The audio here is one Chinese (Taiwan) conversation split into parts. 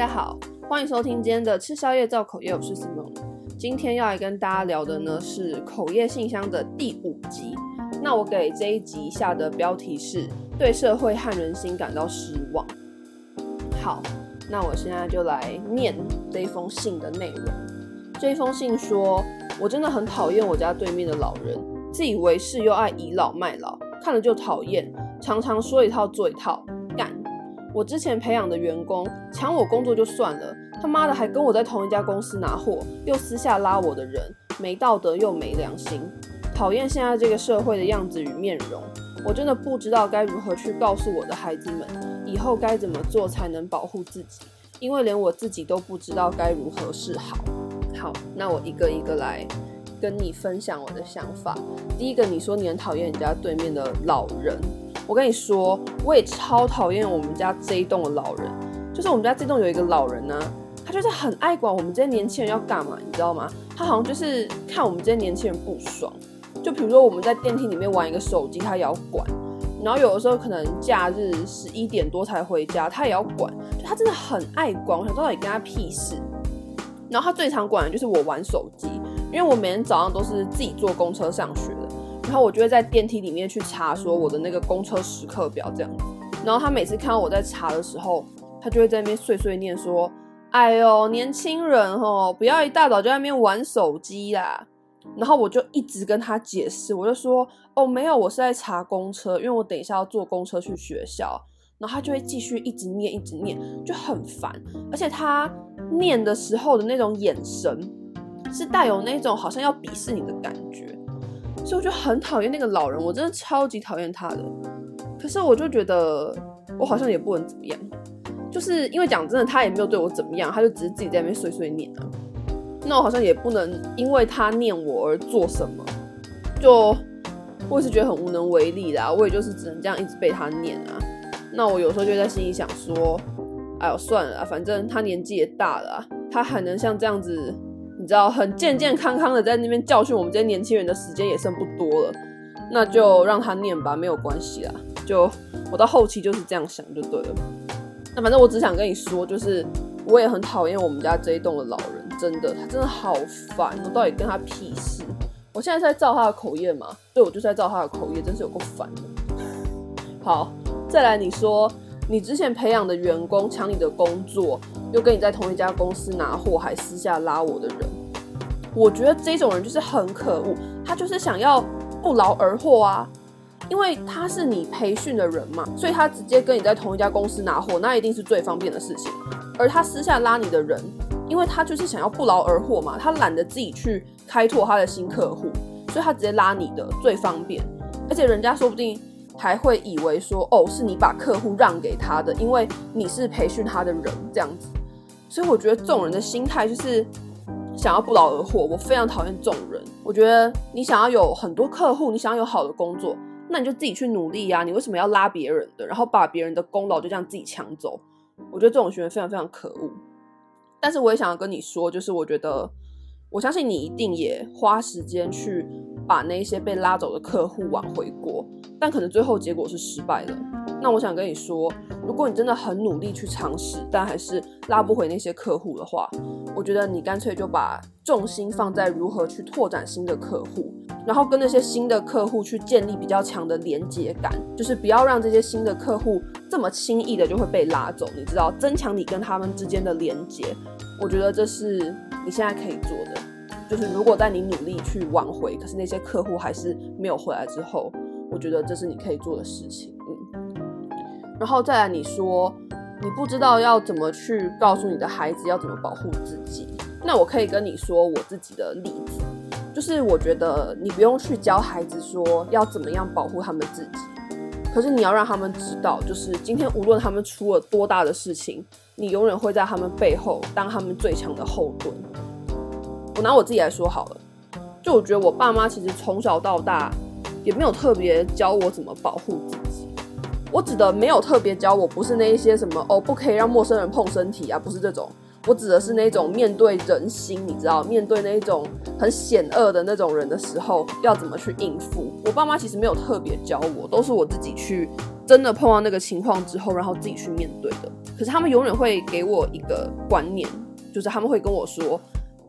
大家好，歡迎收聽今天的吃宵夜造口業，我是 Simon。今天要來跟大家聊的呢是口業信箱的第五集。那我給這一集下的標題是對社會和人心感到失望。好，那我現在就來念這一封信的內容。這封信說，我真的很討厭我家對面的老人，自以為是又愛倚老賣老，看了就討厭，常常說一套做一套。我之前培養的員工搶我工作就算了，他媽的還跟我在同一家公司拿貨，又私下拉我的人，沒道德又沒良心。討厭現在這個社會的樣子與面容，我真的不知道該如何去告訴我的孩子們，以後該怎麼做才能保護自己，因為連我自己都不知道該如何是好。好，那我一個一個來跟你分享我的想法。第一個，你說你很討厭你家對面的老人。我跟你說，我也超討厭我們家這一棟的老人。就是我們家這一棟有一個老人呢、啊，他就是很愛管我們這些年輕人要幹嘛，你知道嗎？他好像就是看我們這些年輕人不爽。就比如說我們在電梯裡面玩一個手機，他也要管。然後有的時候可能假日十一點多才回家，他也要管。就他真的很愛管，我想說到底跟他屁事。然後他最常管的就是我玩手機，因為我每天早上都是自己坐公車上學。然後我就會在電梯裡面去查說我的那個公車時刻表這樣，然後他每次看到我在查的時候，他就會在那邊碎碎念說：“哎呦，年輕人吼，不要一大早就在那邊玩手機啦。”然後我就一直跟他解釋，我就說：“哦，沒有，我是在查公車，因為我等一下要坐公車去學校。”然後他就會繼續一直念一直念，就很煩，而且他念的時候的那種眼神是帶有那種好像要鄙視你的感覺。所以我就很討厭那個老人，我真的超級討厭他的。可是我就覺得我好像也不能怎麼樣，就是因為講真的，他也沒有對我怎麼樣，他就只是自己在那邊碎碎念啊。那我好像也不能因為他念我而做什麼，就我也是覺得很無能為力啦。我也就是只能這樣一直被他念啊。那我有時候就在心裡想說，哎呦算了，反正他年紀也大了，他還能像這樣子。你知道，很健健康康的在那邊教訓我們這些年輕人的時間也剩不多了，那就讓他念吧，沒有關係啦。就我到後期就是這樣想就對了。那反正我只想跟你說，就是我也很討厭我們家這一棟的老人，真的他真的好煩，我到底跟他屁事？我現在是在造他的口業嘛，對，我就是在造他的口業，真是有夠煩的。好，再來，你說你之前培養的員工搶你的工作。又跟你在同一家公司拿貨，還私下拉我的人，我覺得這種人就是很可惡。他就是想要不勞而獲啊，因為他是你培訓的人嘛，所以他直接跟你在同一家公司拿貨，那一定是最方便的事情。而他私下拉你的人，因為他就是想要不勞而獲嘛，他懶得自己去開拓他的新客戶，所以他直接拉你的最方便。而且人家說不定還會以為說，哦，是你把客戶讓給他的，因為你是培訓他的人這樣子。所以我覺得這種人的心態就是想要不勞而獲，我非常討厭這種人。我覺得你想要有很多客戶，你想要有好的工作，那你就自己去努力呀、啊。你為什麼要拉別人的，然後把別人的功勞就這樣自己搶走？我覺得這種行為非常非常可惡。但是我也想要跟你說，就是我覺得，我相信你一定也花時間去，把那些被拉走的客戶挽回過，但可能最後結果是失敗了。那我想跟你說，如果你真的很努力去嘗試，但還是拉不回那些客戶的話，我覺得你乾脆就把重心放在如何去拓展新的客戶，然後跟那些新的客戶去建立比較強的連接感，就是不要讓這些新的客戶這麼輕易的就會被拉走。你知道，增強你跟他們之間的連接，我覺得這是你現在可以做的。就是如果在你努力去挽回，可是那些客戶還是沒有回來之後，我覺得這是你可以做的事情，嗯。然後再來你說你不知道要怎麼去告訴你的孩子要怎麼保護自己，那我可以跟你說我自己的例子，就是我覺得你不用去教孩子說要怎麼樣保護他們自己，可是你要讓他們知道，就是今天無論他們出了多大的事情，你永遠會在他們背後當他們最強的後盾。拿我自己來說好了，就我覺得我爸媽其實從小到大也沒有特別教我怎麼保護自己。我指的沒有特別教我不是那一些什麼哦，不可以讓陌生人碰身體啊，不是這種。我指的是那種面對人心，你知道，面對那一種很險惡的那種人的時候要怎麼去應付。我爸媽其實沒有特別教我，都是我自己去真的碰到那個情況之後，然後自己去面對的。可是他們永遠會給我一個觀念，就是他們會跟我說。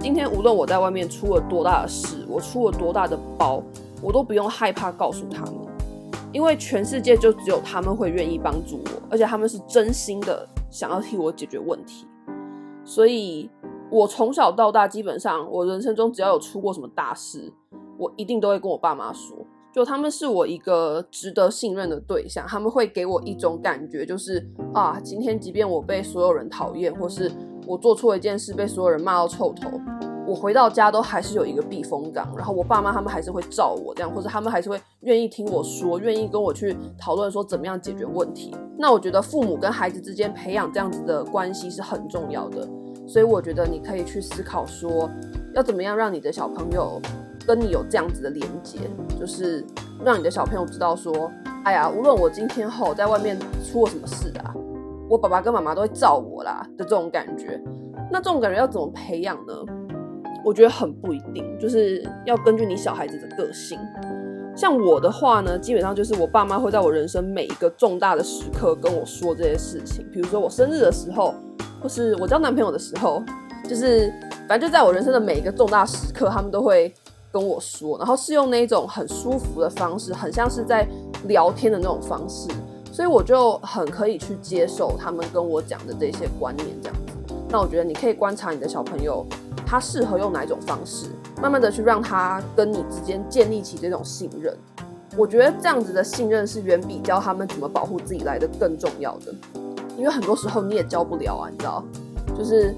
今天無論我在外面出了多大的事，我出了多大的包，我都不用害怕告訴他們，因為全世界就只有他們會願意幫助我，而且他們是真心的想要替我解決問題。所以，我從小到大，基本上我人生中只要有出過什麼大事，我一定都會跟我爸媽說，就他們是我一個值得信任的對象，他們會給我一種感覺，就是啊，今天即便我被所有人討厭，或是。我做錯一件事，被所有人罵到臭頭。我回到家都還是有一個避風港，然後我爸媽他們還是會照我這樣，或者他們還是會願意聽我說，願意跟我去討論說怎麼樣解決問題。那我覺得父母跟孩子之間培養這樣子的關係是很重要的，所以我覺得你可以去思考說，要怎麼樣讓你的小朋友跟你有這樣子的連結，就是讓你的小朋友知道說，哎呀，無論我今天吼在外面出了什麼事啊。我爸爸跟媽媽都會照我啦的這種感覺，那這種感覺要怎麼培養呢？我覺得很不一定，就是要根據你小孩子的個性。像我的話呢，基本上就是我爸媽會在我人生每一個重大的時刻跟我說這些事情，比如說我生日的時候，或是我交男朋友的時候，就是反正就在我人生的每一個重大時刻，他們都會跟我說，然後是用那種很舒服的方式，很像是在聊天的那種方式。所以我就很可以去接受他們跟我講的這些觀念，這樣子。那我覺得你可以觀察你的小朋友，他適合用哪種方式，慢慢的去讓他跟你之間建立起這種信任。我覺得這樣子的信任是遠比教他們怎麼保護自己來的更重要的，因為很多時候你也教不了啊，你知道，就是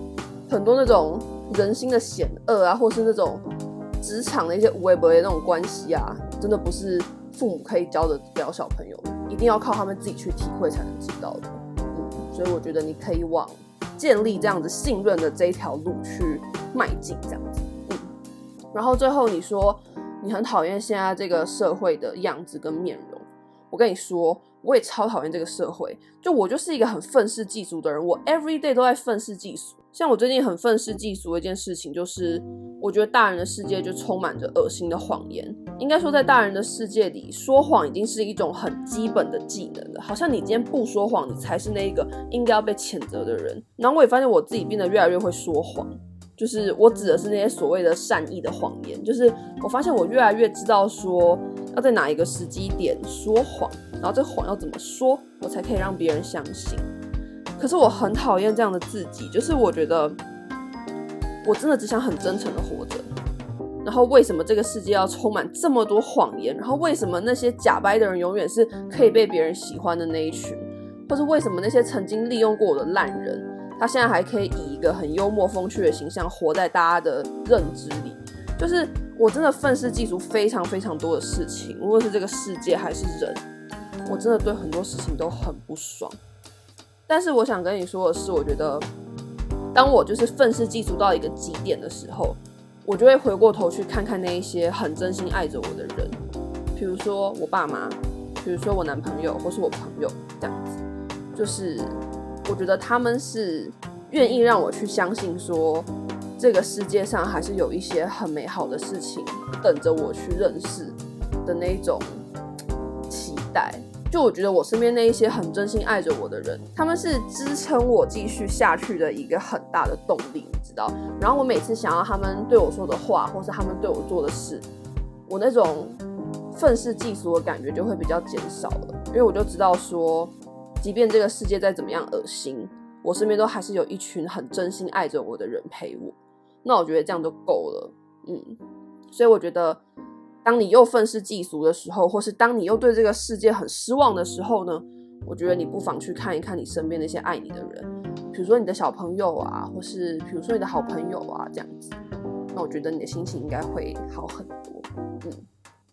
很多那種人心的險惡啊，或是那種職場的一些無微不至的那種關係啊，真的不是。父母可以教的教小朋友，一定要靠他們自己去體會才能知道的。嗯，所以我覺得你可以往建立這樣子信任的這一條路去邁進，這樣子。嗯，然後最後你說你很討厭現在這個社會的樣子跟面容，我跟你說，我也超討厭這個社會，就我就是一個很憤世嫉俗的人，我 everyday 都在憤世嫉俗。像我最近很憤世嫉俗的一件事情，就是我覺得大人的世界就充滿着噁心的謊言。應該說，在大人的世界裡，說謊已經是一種很基本的技能了。好像你今天不說謊，你才是那一個應該要被譴責的人。然後我也發現我自己變得越來越會說謊，就是我指的是那些所謂的善意的謊言。就是我發現我越來越知道說要在哪一個時機點說謊，然後這個謊要怎麼說，我才可以讓別人相信。可是我很討厭這樣的自己，就是我覺得，我真的只想很真誠的活着。然後為什麼這個世界要充滿這麼多謊言？然後為什麼那些假掰的人永遠是可以被別人喜歡的那一群？或是為什麼那些曾經利用過我的爛人，他現在還可以以一個很幽默風趣的形象活在大家的認知裡？就是我真的憤世嫉俗，非常非常多的事情，無論是這個世界還是人，我真的對很多事情都很不爽。但是我想跟你說的是，我覺得當我就是憤世嫉俗到一個極點的時候，我就會回過頭去看看那一些很真心愛着我的人，譬如說我爸媽，比如說我男朋友或是我朋友，這樣子，就是我覺得他們是願意讓我去相信，說這個世界上還是有一些很美好的事情等着我去認識的那一種期待。就我覺得我身邊那一些很真心愛着我的人，他們是支撐我繼續下去的一個很大的動力，你知道。然後我每次想要他們對我說的話，或是他們對我做的事，我那種憤世嫉俗的感覺就會比較減少了，因為我就知道說，即便這個世界再怎麼樣噁心，我身邊都還是有一群很真心愛着我的人陪我。那我覺得這樣就夠了，嗯。所以我覺得。當你又憤世嫉俗的時候，或是當你又對這個世界很失望的時候呢，我覺得你不妨去看一看你身邊那些愛你的人，比如說你的小朋友啊，或是比如說你的好朋友啊，這樣子，那我覺得你的心情應該會好很多。嗯，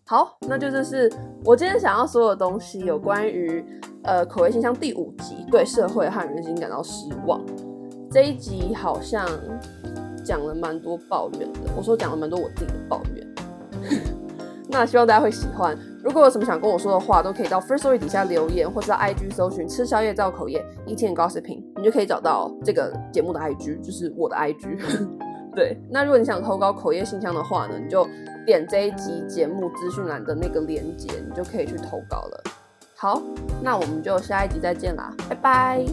好，那就是我今天想要說的東西，有關於呃口業信箱第五集，對社會和人心感到失望這一集，好像講了蠻多抱怨的，我說講了蠻多我自己的抱怨。 那希望大家會喜歡。如果有什麼想跟我說的話，都可以到 Firstory 底下留言，或是 IG 搜尋“吃宵夜造口業 Eating and Gossiping”，你就可以找到這個節目的 IG，就是我的 IG 呵呵。對，那如果你想投稿口業信箱的話呢，你就點這一集節目資訊欄的那個連結，你就可以去投稿了。好，那我們就下一集再見啦，拜拜。